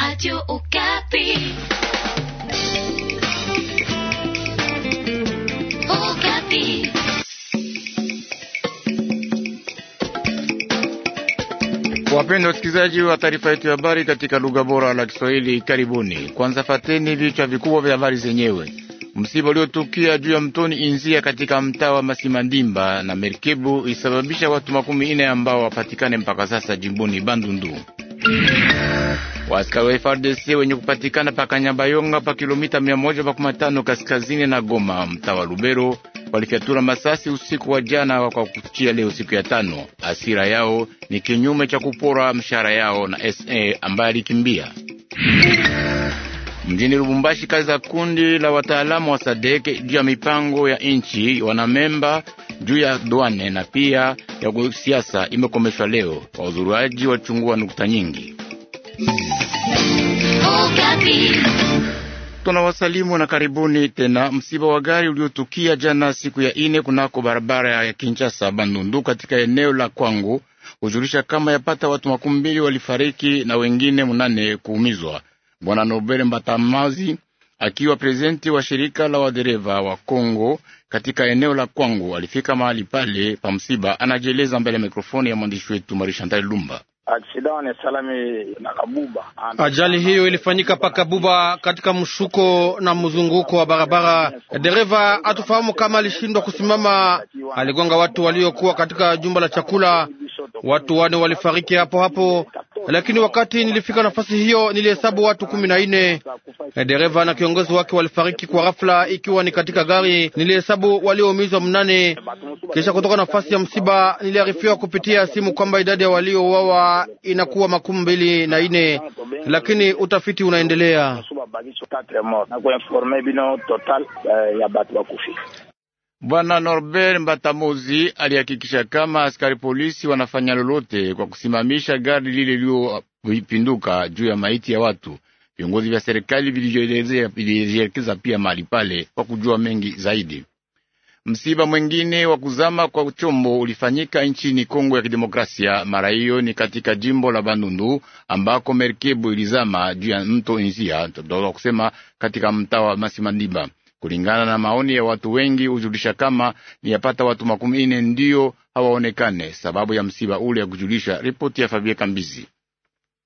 Radio Okapi. Okapi. Wapendwa wasikilizaji wa taarifa yetu ya habari katika lugha bora la Kiswahili, karibuni. Kwanza fateni vichwa vikubwa vya habari zenyewe. Msiba uliotukia juu ya mtoni Inzia katika mtaa wa Masimandimba na merikebu isababisha watu makumi nne ambao wapatikane mpaka sasa jimboni Bandundu. Waskari wa frdc wenye kupatikana pa kanyabayonga pa kilomita mia moja kaskazini na Goma, mtaa wa Lubero, walifyatura masasi usiku wa jana kwa kuchia leo siku ya tano. Asira yao ni kinyume cha kupora mshahara yao na SA ambaye alikimbia mjini Lubumbashi. Kazi za kundi la wataalamu wa Sadek juu ya mipango ya nchi wanamemba juu ya doane na pia ya kusiasa imekomeshwa leo. Wahudhuriaji wachungua nukta nyingi. Tunawasalimu na karibuni tena. Msiba wa gari uliotukia jana siku ya ine kunako barabara ya Kinshasa Bandundu katika eneo la Kwangu hujulisha kama yapata watu makumi mbili walifariki na wengine mnane kuumizwa. Bwana Nobel Mbatamazi akiwa prezidenti wa shirika la wadereva wa Kongo katika eneo la Kwango. Alifika mahali pale pa msiba, anajieleza mbele ya mikrofoni ya mwandishi wetu Marishantai Lumba. Ajali hiyo ilifanyika Pakabuba katika mshuko na mzunguko wa barabara. Dereva hatufahamu kama alishindwa kusimama, aligonga watu waliokuwa katika jumba la chakula. Watu wane walifariki hapo hapo, lakini wakati nilifika nafasi hiyo nilihesabu watu kumi na nne. Eh, dereva na kiongozi wake walifariki kwa ghafla, ikiwa ni katika gari. Nilihesabu walioumizwa mnane. Kisha kutoka nafasi ya msiba, niliarifiwa kupitia simu kwamba idadi ya waliouawa inakuwa makumi mbili na ine lakini utafiti unaendelea. Bwana Norbert Mbatamozi alihakikisha kama askari polisi wanafanya lolote kwa kusimamisha gari lile lililopinduka juu ya maiti ya watu. Viongozi vya serikali vilijielekeza pia mahali pale kwa kujua mengi zaidi. Msiba mwengine wa kuzama kwa chombo ulifanyika nchini Kongo ya Kidemokrasia. Mara hiyo ni katika jimbo la Bandundu ambako merkebu ilizama juu ya mto Nzia tunaweza kusema katika mtaa wa Masimandiba. Kulingana na maoni ya watu wengi, hujulisha kama ni yapata watu makumi nne ndiyo hawaonekane sababu ya msiba ule, ya kujulisha ripoti ya Fabie Kambizi.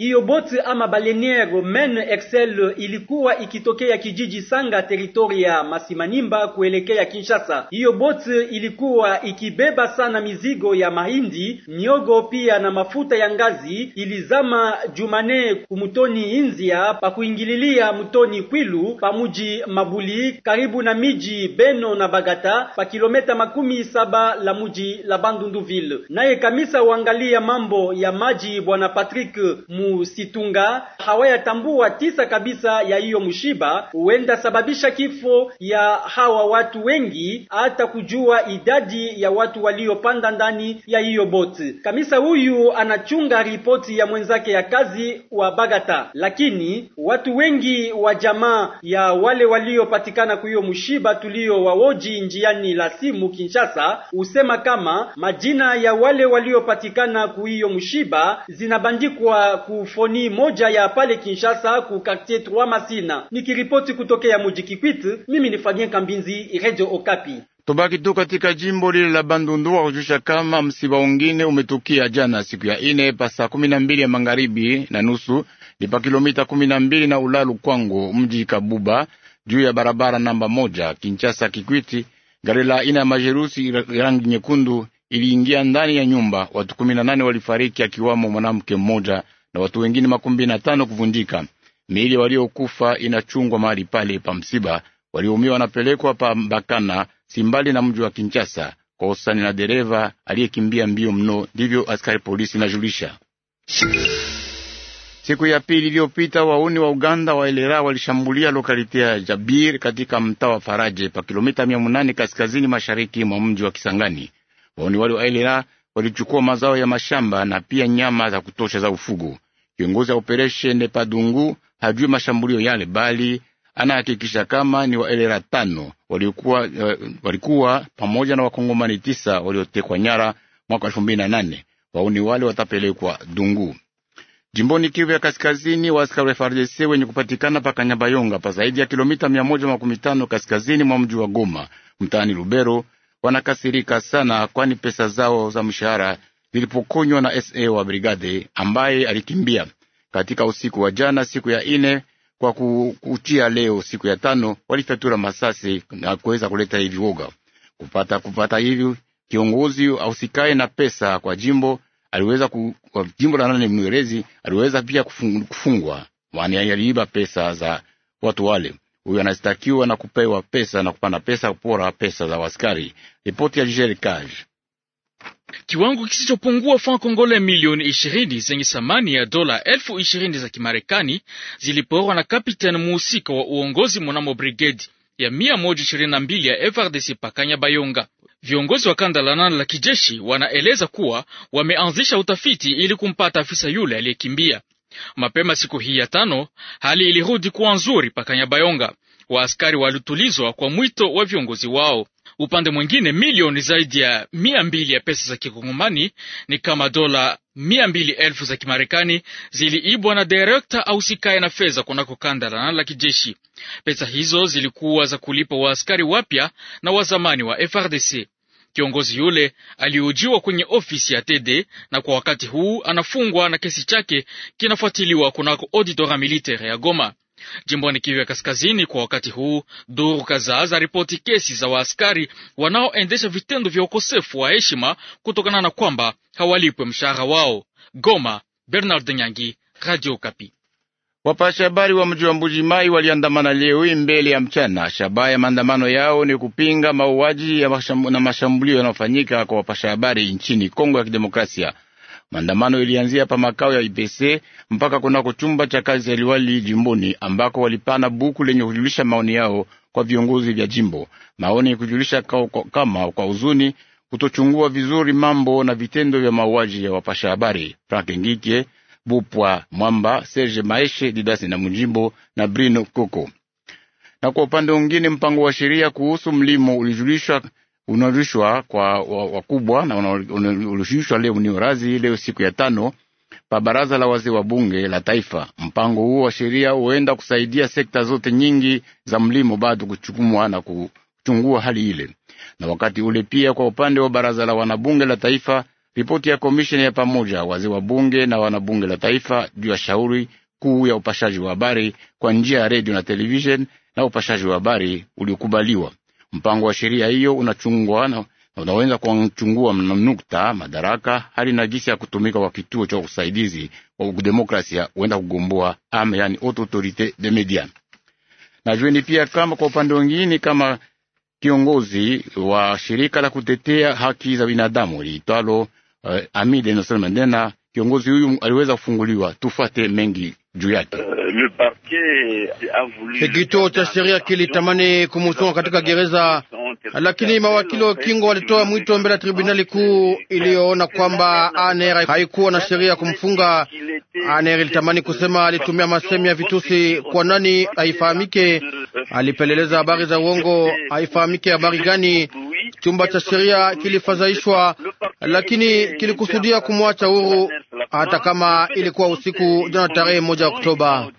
Iyo boti ama baleniero Men Excel ilikuwa ikitokea kijiji Sanga teritoria Masimanimba kuelekea Kinshasa. Hiyo boti ilikuwa ikibeba sana mizigo ya mahindi, miogo pia na mafuta ya ngazi. Ilizama Jumane kumutoni Inzia pa kuingililia mutoni Kwilu pamuji Mabuli karibu na miji Beno na Bagata pa kilometa makumi saba la muji la Bandunduville. Naye kamisa uangalia mambo ya maji Bwana Patrick mu musitunga hawayatambua tisa kabisa ya hiyo mshiba, huenda sababisha kifo ya hawa watu wengi, hata kujua idadi ya watu waliopanda ndani ya hiyo boti. Kamisa huyu anachunga ripoti ya mwenzake ya kazi wa Bagata, lakini watu wengi wa jamaa ya wale waliopatikana kuiyo mshiba tulio wawoji njiani la simu Kinshasa husema kama majina ya wale waliopatikana kuiyo mshiba zinabandikwa ku kufoni moja ya pale Kinshasa ku quartier 3 Masina. Nikiripoti kutokea muji Kikwiti, mimi ni Fabien Kambinzi, Radio Okapi. Tubaki tu katika jimbo lile la Bandundu wa kujusha kama msiba mwingine umetukia jana siku ya ine pasa kumi na mbili ya magharibi na nusu lipa kilomita kumi na mbili na Ulalu kwangu mji Kabuba juu ya barabara namba moja Kinchasa Kikwiti, gari la aina ya majerusi rangi nyekundu iliingia ndani ya nyumba. Watu kumi na nane walifariki akiwamo mwanamke mmoja na watu wengine makumi na tano kuvunjika. Miili waliokufa inachungwa mahali pale pa msiba, walioumiwa wanapelekwa pa Bakana, simbali na mji wa Kinshasa, kwa usani na dereva aliyekimbia mbio mno, ndivyo askari polisi inajulisha. Siku ya pili iliyopita wauni wa Uganda wa elera walishambulia lokalite ya Jabir katika mtaa wa Faraje pa kilomita mia munane kaskazini mashariki mwa mji wa Kisangani. Wauni wale wa elera walichukua mazao ya mashamba na pia nyama za kutosha za ufugo. Kiongozi wa operesheni Padungu hajui mashambulio yale, bali anahakikisha kama ni waelera tano walikuwa, uh, eh, walikuwa pamoja na wakongomani tisa waliotekwa nyara mwaka elfu mbili na nane. Wauni wale watapelekwa Dungu. Jimboni Kivu ya Kaskazini, waaskari wa FARDC wenye kupatikana pa Kanyabayonga pa zaidi ya kilomita mia moja makumi tano kaskazini mwa mji wa Goma mtaani Lubero wanakasirika sana, kwani pesa zao za mshahara zilipokonywa na SA wa brigade ambaye alikimbia katika usiku wa jana siku ya ine kwa kuchia leo siku ya tano, walifyatura masasi na kuweza kuleta hivi woga kupata kupata hivi. Kiongozi ausikae na pesa kwa jimbo aliweza ku, kwa jimbo la nane Mwerezi aliweza pia kufungwa, kwani aliiba pesa za watu wale huyo anastakiwa na kupewa pesa na kupana pesa kupora pesa za waskari. Ripoti ya Jeri Kaj. Kiwango kisichopungua franc kongole milioni ishirini zenye thamani ya dola elfu ishirini za Kimarekani ziliporwa na kapitan muhusika wa uongozi mwanamo brigedi ya mia moja ishirini na mbili ya FRDC Pakanya Bayonga. Viongozi wa kanda la nane la kijeshi wanaeleza kuwa wameanzisha utafiti ili kumpata afisa yule aliyekimbia. Mapema siku hii ya tano, hali ilirudi kuwa nzuri Pakanyabayonga. Waaskari walitulizwa kwa mwito wa viongozi wao. Upande mwingine, milioni zaidi ya 20 ya pesa za kikongomani ni kama dola 20 za Kimarekani ziliibwa na direkta sikaye na fedha kunako kanda la la kijeshi. Pesa hizo zilikuwa za kulipa waaskari wapya na wazamani wa FRDC. Kiongozi yule aliujiwa kwenye ofisi ya Tede na kwa wakati huu anafungwa na kesi chake kinafuatiliwa kunako auditora militaire ya Goma jimboni Kivu ya Kaskazini. Kwa wakati huu duru kadhaa za ripoti kesi za waaskari wanaoendesha vitendo vya ukosefu wa heshima kutokana na kwamba hawalipwe mshahara wao. Goma, Bernard Nyangi, Radio Kapi. Wapasha habari wa mji wa mbuji mai waliandamana leo mbele ya mchana. Shabaha ya maandamano yao ni kupinga mauaji na mashambulio yanayofanyika kwa wapasha habari nchini Kongo ya Kidemokrasia. Maandamano ilianzia pa makao ya IPC mpaka kunako chumba cha kazi ya liwali jimboni, ambako walipana buku lenye kujulisha maoni yao kwa viongozi vya jimbo. Maoni kujulisha kama kwa huzuni, kutochungua vizuri mambo na vitendo vya mauaji ya wapasha habari. Frank Ngike Bupwa Mwamba, Serge Maeshe Didasi na Mujimbo na Brino Koko. Na kwa upande mwingine, mpango wa sheria kuhusu mlimo ulijulishwa unarushwa kwa wakubwa na unarushwa leo ni urazi leo siku ya tano pa baraza la wazee wa bunge la taifa. Mpango huo wa sheria huenda kusaidia sekta zote nyingi za mlimo bado kuchukumwa na kuchungua hali ile, na wakati ule pia kwa upande wa baraza la wanabunge la taifa Ripoti ya komisheni ya pamoja wazee wa bunge na wanabunge la taifa juu ya shauri kuu ya upashaji wa habari kwa njia ya redio na televisheni na upashaji wa habari uliokubaliwa. Mpango wa sheria hiyo unachungwa na unaweza kuchungua nukta madaraka hali na gisi ya kutumika kwa kituo cha usaidizi wa demokrasia huenda kugomboa am, yani autorite de media. Najueni pia kama kwa upande wengine, kama kiongozi wa shirika la kutetea haki za binadamu liitwalo uh, eh, ami Nelson Mandela, kiongozi huyu aliweza kufunguliwa. Tufate mengi juu yake. Euh, kituo cha sheria kilitamani kumusunga katika gereza, lakini mawakili wa kingo walitoa mwito mbele ya tribunali kuu iliyoona kwamba ANR haikuwa na sheria kumfunga. ANR ilitamani kusema alitumia masemi ya vitusi. Kwa nani haifahamike, alipeleleza habari za uongo, haifahamike habari gani. Chumba cha sheria kilifadhaishwa lakini kilikusudia kumwacha huru hata kama ilikuwa usiku jana tarehe moja Oktoba.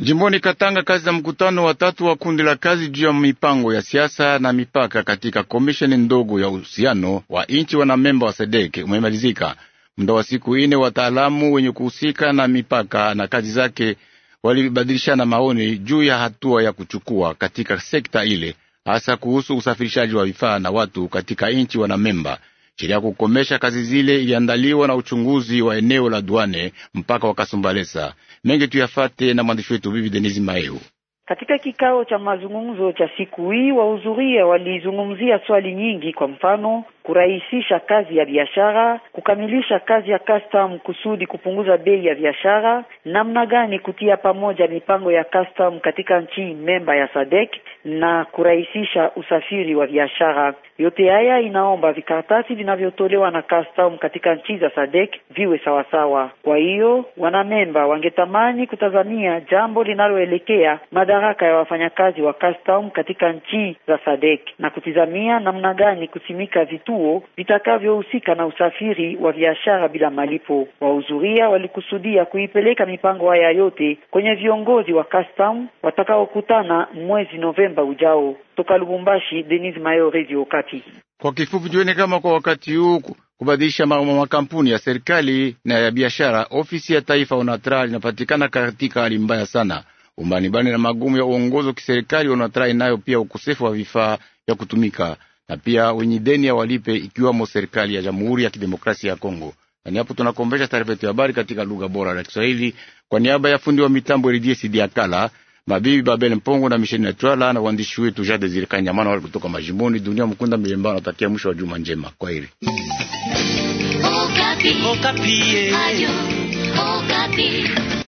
Jimboni Katanga, kazi za mkutano wa tatu wa kundi la kazi juu ya mipango ya siasa na mipaka katika komisheni ndogo ya uhusiano wa nchi wanamemba wa sedek umemalizika muda wa siku ine. Wataalamu wenye kuhusika na mipaka na kazi zake walibadilishana maoni juu ya hatua ya kuchukua katika sekta ile hasa kuhusu usafirishaji wa vifaa na watu katika nchi wanamemba. Sheria ya kukomesha kazi zile iliandaliwa na uchunguzi wa eneo la Duane mpaka wa Kasumbalesa. Mengi tuyafate na mwandishi wetu Bibi denisi maehu Katika kikao cha mazungumzo cha siku hii, wahudhuria walizungumzia swali nyingi, kwa mfano kurahisisha kazi ya biashara, kukamilisha kazi ya custom kusudi kupunguza bei ya biashara, namna gani kutia pamoja mipango ya custom katika nchi memba ya SADC na kurahisisha usafiri wa biashara. Yote haya inaomba vikaratasi vinavyotolewa na custom katika nchi za SADC viwe sawasawa. Kwa hiyo wanamemba wangetamani kutazamia jambo linaloelekea madaraka ya wafanyakazi wa custom katika nchi za SADC na kutizamia namna gani kusimika vitu vituo vitakavyohusika na usafiri wa biashara bila malipo. Wahudhuria walikusudia kuipeleka mipango haya yote kwenye viongozi wa custom watakaokutana mwezi Novemba ujao. Toka Lubumbashi, Denis Mayo, Redio Kati. Kwa kifupi, tuene kama kwa wakati huu kubadilisha makampuni ya serikali na ya biashara, ofisi ya taifa ONATRA inapatikana katika hali mbaya sana umbanibani na magumu ya uongozi wa kiserikali. ONATRA inayo pia ukosefu wa vifaa vya kutumika na pia wenye deni ya walipe, ikiwamo serikali ya Jamhuri ya Kidemokrasia ya Kongo. Na ni hapo tunakombesha taarifa yetu ya habari katika lugha bora ya Kiswahili kwa niaba ya fundi wa mitambo Eridie akala mabibi Babel Mpongo na Misheni Natwala na waandishi wetu Jade Desire wali wale kutoka majimboni. Dunia Mkunda Milemba natakia mwisho wa juma njema. Kwaheri. Okapi. Okapi.